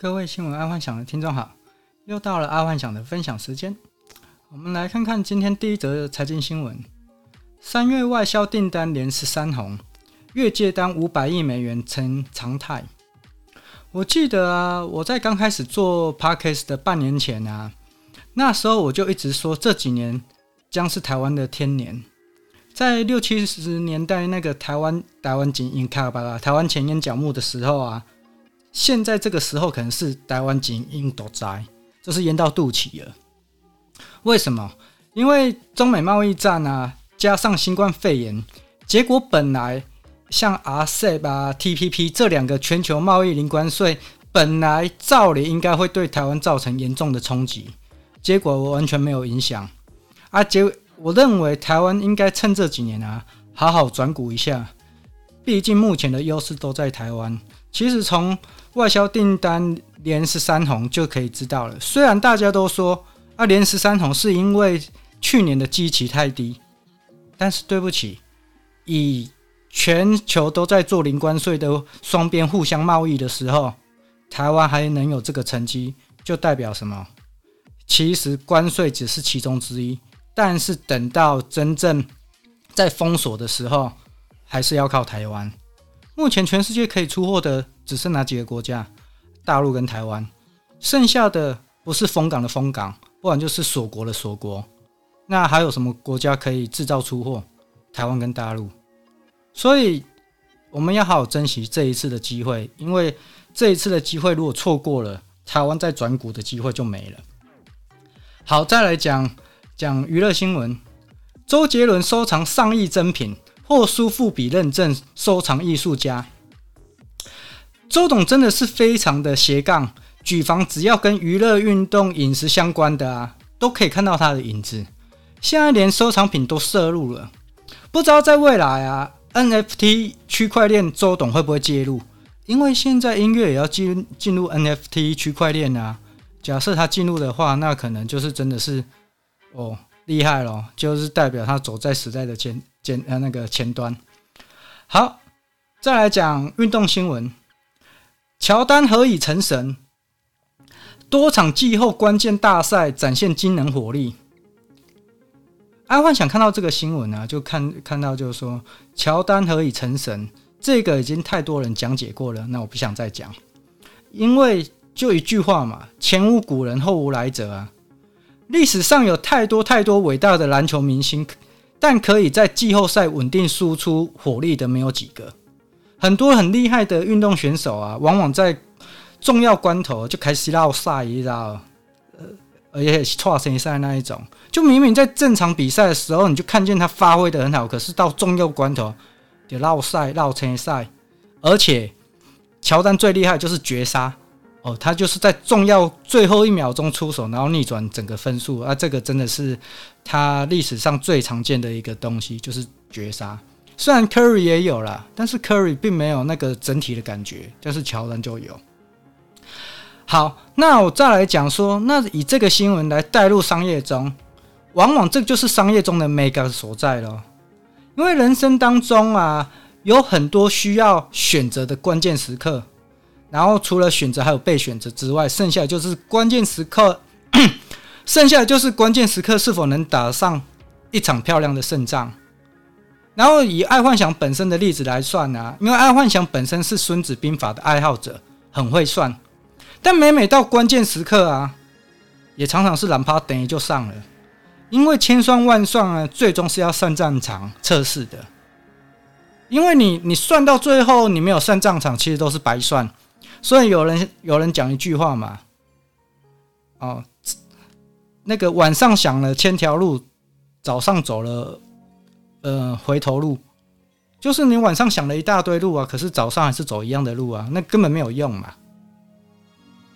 各位新聞愛幻想的聽眾好，又到了愛幻想的分享時間。我們來看看今天第一則的財經新聞：三月外銷訂單連十三紅，月接單五百億美元成常態。我記得啊，我在剛開始做 podcast 的半年前啊，那時候我就一直說，這幾年將是台灣的天年。在六七十年代那個台灣台灣景營卡吧、台灣錢淹腳目的時候啊。現在這個時候可能是台灣已經堵塞，就是淹到肚臍了。為什麼？因為中美貿易戰啊，加上新冠肺炎，結果本來像 RCEP 啊、TPP 這兩個全球貿易零關稅，本來照理應該會對台灣造成嚴重的衝擊，結果我完全沒有影響啊！結，我認為台灣應該趁這幾年啊，好好轉股一下。畢竟目前的優勢都在台灣。其實從外銷訂單連十三紅就可以知道了。雖然大家都說啊，連十三紅是因為去年的基期太低，但是對不起，以全球都在做零關稅的雙邊互相貿易的時候，台灣還能有這個成績，就代表什麼？其實關稅只是其中之一，但是等到真正在封鎖的時候，還是要靠台灣。目前全世界可以出貨的。只剩哪幾個國家？大陸跟台灣，剩下的不是封港的封港，不然就是鎖國的鎖國。那還有什麼國家可以製造出貨？台灣跟大陸。所以我們要好好珍惜這一次的機會，因為這一次的機會如果錯過了，台灣再轉股的機會就沒了。好，再來講講娛樂新聞：周杰倫收藏上億珍品，獲蘇富比認證，收藏藝術家。周董真的是非常的斜槓，舉凡只要跟娛樂、運動、飲食相關的啊，都可以看到他的影子。現在連收藏品都涉入了，不知道在未來啊，NFT 區塊鏈周董會不會介入？因為現在音樂也要進進入 NFT 區塊鏈啊。假設他進入的話，那可能就是真的是哦，厲害咯，就是代表他走在時代的前前呃那個前端。好，再來講運動新聞。喬丹何以成神？多場季後關鍵大賽展現驚人火力。阿、啊、煥想看到這個新聞啊，就看看到就是說喬丹何以成神，這個已經太多人講解過了，那我不想再講，因為就一句話嘛，前無古人後無來者啊。歷史上有太多太多偉大的籃球明星，但可以在季後賽穩定輸出火力的沒有幾個。很多很厲害的運動選手啊，往往在重要關頭就開始繞賽，你知道？呃，而且是錯身賽那一種，就明明在正常比賽的時候，你就看見他發揮的很好，可是到重要關頭得繞賽、繞一賽。而且，喬丹最厲害就是絕殺哦，他就是在重要最後一秒鐘出手，然後逆轉整個分數。啊，這個真的是他歷史上最常見的一個東西，就是絕殺。雖然 Curry 也有了，但是 Curry 並沒有那個整體的感覺，就是喬丹就有。好，那我再來講說，那以這個新聞來帶入商業中，往往這就是商業中的美感所在咯。因為人生當中啊，有很多需要選擇的關鍵時刻，然後除了選擇還有被選擇之外，剩下就是關鍵時刻，剩下就是關鍵時刻是否能打上一場漂亮的勝仗。然後以愛幻想本身的例子來算啊，因為愛幻想本身是孫子兵法的愛好者，很會算，但每每到關鍵時刻啊，也常常是藍趴等於就上了，因為千算萬算啊，最終是要上戰場測試的，因為你你算到最後，你沒有上戰場，其實都是白算。所以有人有人講一句話嘛，哦，那個晚上想了千條路，早上走了，呃，回頭路就是你晚上想了一大堆路啊，可是早上還是走一樣的路啊，那根本沒有用嘛。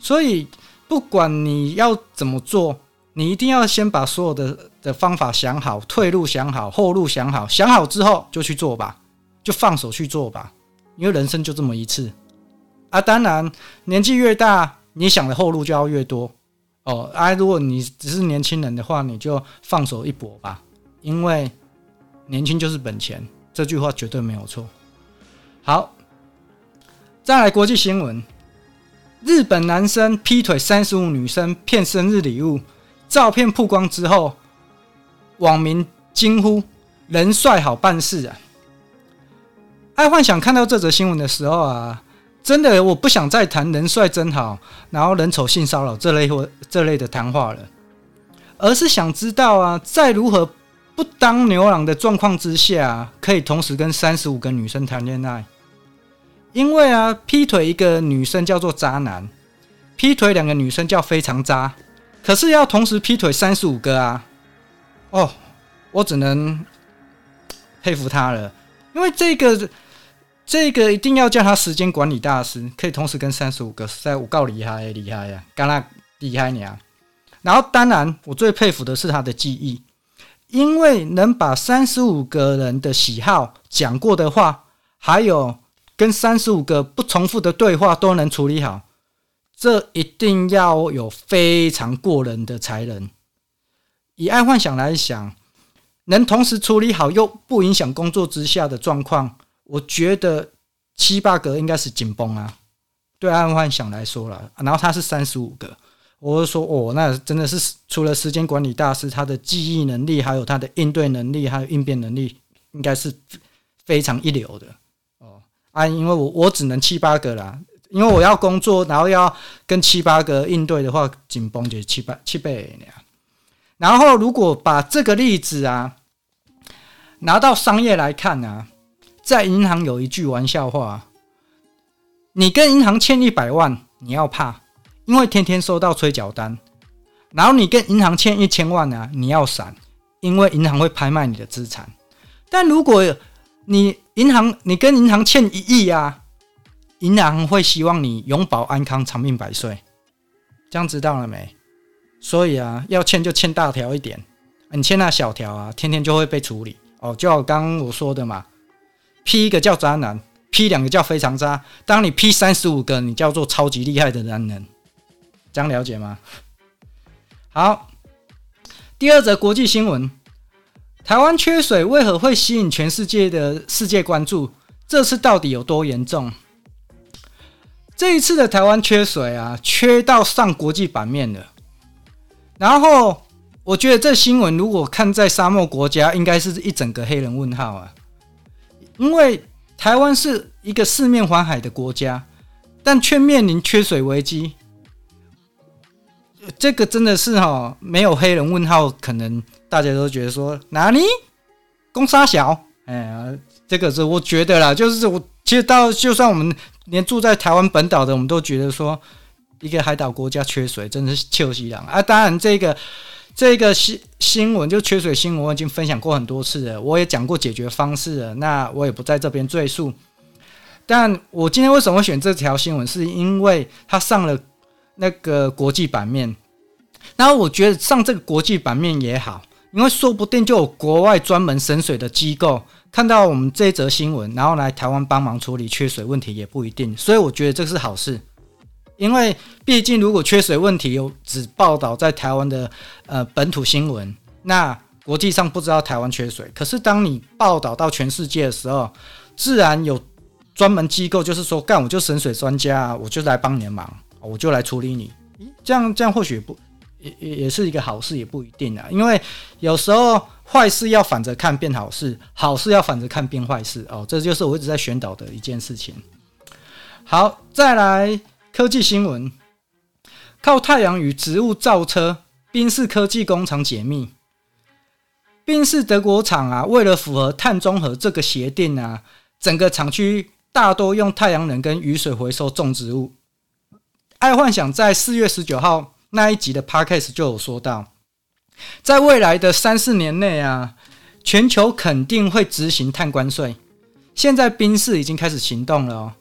所以不管你要怎麼做，你一定要先把所有的的方法想好，退路想好，後路想好，想好之後就去做吧，就放手去做吧，因為人生就這麼一次啊。當然，年紀越大，你想的後路就要越多哦。啊，如果你只是年輕人的話，你就放手一搏吧，因為。年輕就是本錢，這句話絕對沒有錯。好，再來國際新聞：日本男生劈腿三十五女生騙生日禮物，照片曝光之後，網民驚呼“人帥好辦事啊”。愛幻想看到這則新聞的時候啊，真的我不想再談人帥真好，然後人醜性騷擾這類或這類的談話了，而是想知道啊，再如何？不當牛郎的狀況之下，可以同時跟三十五個女生談戀愛，因為啊，劈腿一個女生叫做渣男，劈腿兩個女生叫非常渣，可是要同時劈腿三十五個啊！哦，我只能佩服他了，因為這個這個一定要叫他時間管理大師，可以同時跟三十五個。實在我夠厲害厲害呀，幹啦，厲害你啊！然後當然，我最佩服的是他的記憶。因為能把三十五個人的喜好講過的話，還有跟三十五個不重複的對話都能處理好，這一定要有非常過人的才能。以愛幻想來想，能同時處理好又不影響工作之下的狀況，我覺得七八個應該是緊繃啊。對愛幻想來說啦，然後他是三十五個。我就說，哦，那真的是除了時間管理大師，他的記憶能力，還有他的應對能力，還有應變能力，應該是非常一流的哦啊，啊，因為我我只能七八個啦，因為我要工作，然後要跟七八個應對的話，緊繃就七八七倍。然後如果把這個例子啊，拿到商業來看呢，啊，在銀行有一句玩笑話：你跟銀行欠一百萬，你要怕。因為天天收到催繳單，然後你跟銀行欠一千萬呢，啊，你要閃，因為銀行會拍賣你的資產。但如果你銀行你跟銀行欠一億啊，銀行會希望你永保安康，長命百歲。這樣知道了沒？所以啊，要欠就欠大條一點，你欠那小條啊，天天就會被處理。哦，就好剛剛我說的嘛，P 一個叫渣男，P 兩個叫非常渣，當你 P 三十五個，你叫做超級厲害的男人、人。想了解嗎？好，第二則國際新聞：台灣缺水為何會吸引全世界的世界關注？這次到底有多嚴重？這一次的台灣缺水啊，缺到上國際版面了。然後，我覺得這新聞如果看在沙漠國家，應該是一整個黑人問號啊！因為台灣是一個四面環海的國家，但卻面臨缺水危機。這個真的是哈、哦，沒有黑人問號，可能大家都覺得說哪裡？公三小，哎呀，這個是我覺得啦，就是我其實到就算我們連住在台灣本島的，我們都覺得說一個海島國家缺水，真的是臭西郎啊！當然、這個，這個這個新新聞就缺水新聞，我已經分享過很多次了，我也講過解決方式了，那我也不在這邊贅述。但我今天為什麼會選這條新聞，是因為它上了。那個國際版面，然後我覺得上這個國際版面也好，因為說不定就有國外專門省水的機構看到我們這則新聞，然後來台灣幫忙處理缺水問題也不一定，所以我覺得這是好事，因為畢竟如果缺水問題有只報道在台灣的呃本土新聞，那國際上不知道台灣缺水，可是當你報道到全世界的時候，自然有專門機構，就是說，幹我就省水專家、啊，我就來幫你的忙。我就來處理你，這樣這樣或許不也也也是一個好事，也不一定啊。因為有時候壞事要反着看變好事，好事要反着看變壞事哦。這就是我一直在宣導的一件事情。好，再來科技新聞，靠太陽與植物造車，賓士科技工廠解密。賓士德國廠啊，為了符合碳中和這個協定啊，整個廠區大多用太陽能跟雨水回收種植物。愛幻想在四月十九號那一集的 podcast 就有說到，在未來的三四年內啊，全球肯定會執行碳關稅。現在賓士已經開始行動了哦，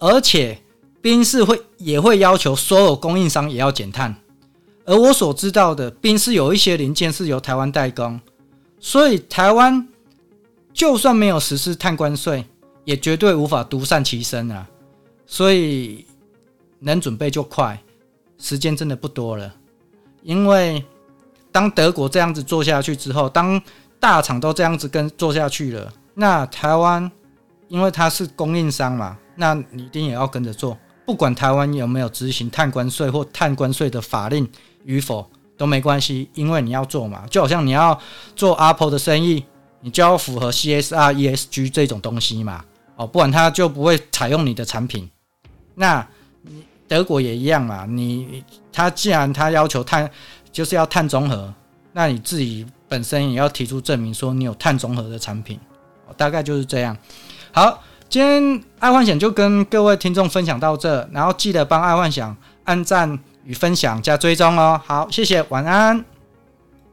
而且賓士會也會要求所有供應商也要減碳。而我所知道的，賓士有一些零件是由台灣代工，所以台灣就算沒有實施碳關稅，也絕對無法獨善其身啊！所以。能準備就快，時間真的不多了。因為當德國這樣子做下去之後，當大廠都這樣子跟做下去了，那台灣因為它是供應商嘛，那你一定也要跟着做。不管台灣有沒有執行碳關稅或碳關稅的法令與否，都沒關係，因為你要做嘛。就好像你要做 Apple 的生意，你就要符合 CSR ESG 這種東西嘛。哦，不然它就不會採用你的產品。那。德國也一樣嘛，你他既然他要求碳，就是要碳中和，那你自己本身也要提出證明說你有碳中和的產品，大概就是這樣。好，今天愛幻想就跟各位聽眾分享到這，然後記得幫愛幻想按讚與分享加追蹤哦。好，謝謝，晚安。